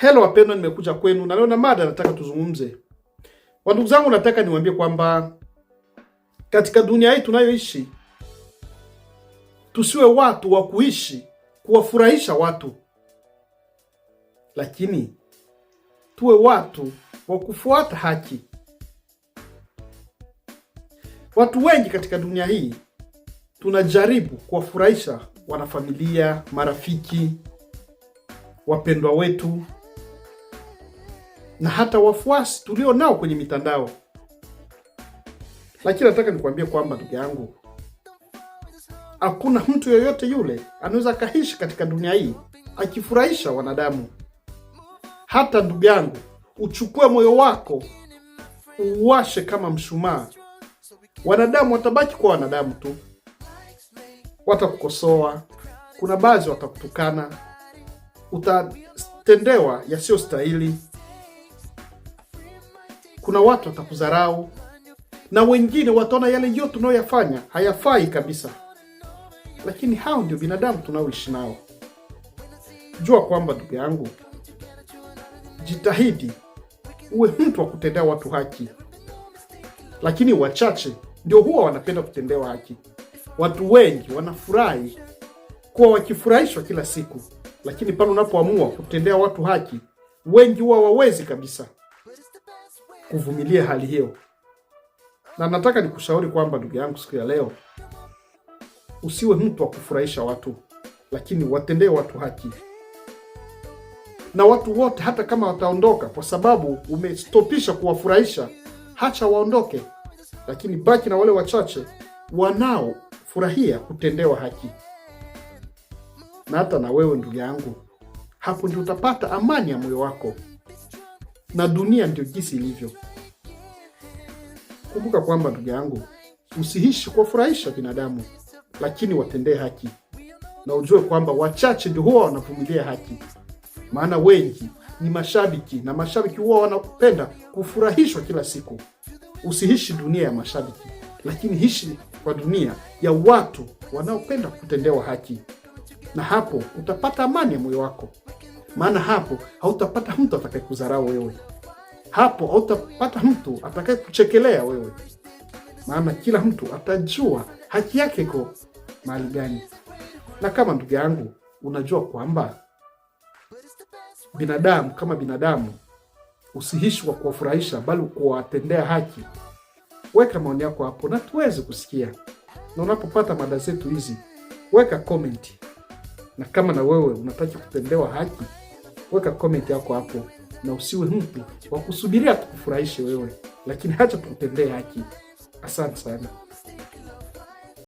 Hello wapendwa, nimekuja kwenu na leo na mada nataka tuzungumze. Wandugu zangu, nataka niwaambie kwamba katika dunia hii tunayoishi tusiwe watu wa kuishi kuwafurahisha watu, lakini tuwe watu wa kufuata haki. Watu wengi katika dunia hii tunajaribu kuwafurahisha wanafamilia, marafiki, wapendwa wetu na hata wafuasi tulio nao kwenye mitandao. Lakini nataka nikuambie kwamba ndugu yangu, hakuna mtu yoyote yule anaweza akaishi katika dunia hii akifurahisha wanadamu. Hata ndugu yangu, uchukue moyo wako uwashe kama mshumaa, wanadamu watabaki kuwa wanadamu tu. Watakukosoa, kuna baadhi watakutukana, utatendewa yasiyostahili kuna watu watakudharau, na wengine wataona yale yote unayoyafanya hayafai kabisa, lakini hao ndio binadamu tunaoishi nao. Jua kwamba ndugu yangu, jitahidi uwe mtu wa kutendea watu haki, lakini wachache ndio huwa wanapenda kutendewa haki. Watu wengi wanafurahi kuwa wakifurahishwa kila siku, lakini pale unapoamua kutendea watu haki, wengi huwa wawezi kabisa kuvumilia hali hiyo, na nataka nikushauri kwamba ndugu yangu, siku ya leo usiwe mtu wa kufurahisha watu, lakini watendee watu haki na watu wote, hata kama wataondoka kwa sababu umestopisha kuwafurahisha, hacha waondoke, lakini baki na wale wachache wanaofurahia kutendewa haki. Na hata na wewe ndugu yangu, hapo ndio utapata amani ya moyo wako na dunia ndio jinsi ilivyo. Kumbuka kwamba ndugu yangu, usiishi kuwafurahisha binadamu, lakini watendee haki, na ujue kwamba wachache ndio huwa wanavumilia haki, maana wengi ni mashabiki, na mashabiki huwa wanapenda kufurahishwa kila siku. Usiishi dunia ya mashabiki, lakini ishi kwa dunia ya watu wanaopenda kutendewa haki, na hapo utapata amani ya moyo wako maana hapo hautapata mtu atakaye kudharau wewe, hapo hautapata mtu atakaye kuchekelea wewe, maana kila mtu atajua haki yake iko mahali gani. Na kama ndugu yangu, unajua kwamba binadamu kama binadamu usiishi kwa kuwafurahisha, bali kuwatendea haki. Weka maoni yako hapo na tuweze kusikia, na unapopata mada zetu hizi weka komenti, na kama na wewe unataka kutendewa haki weka comment yako hapo, na usiwe mtu wa kusubiria tukufurahishe wewe, lakini hacha tukutendee haki. Asante sana.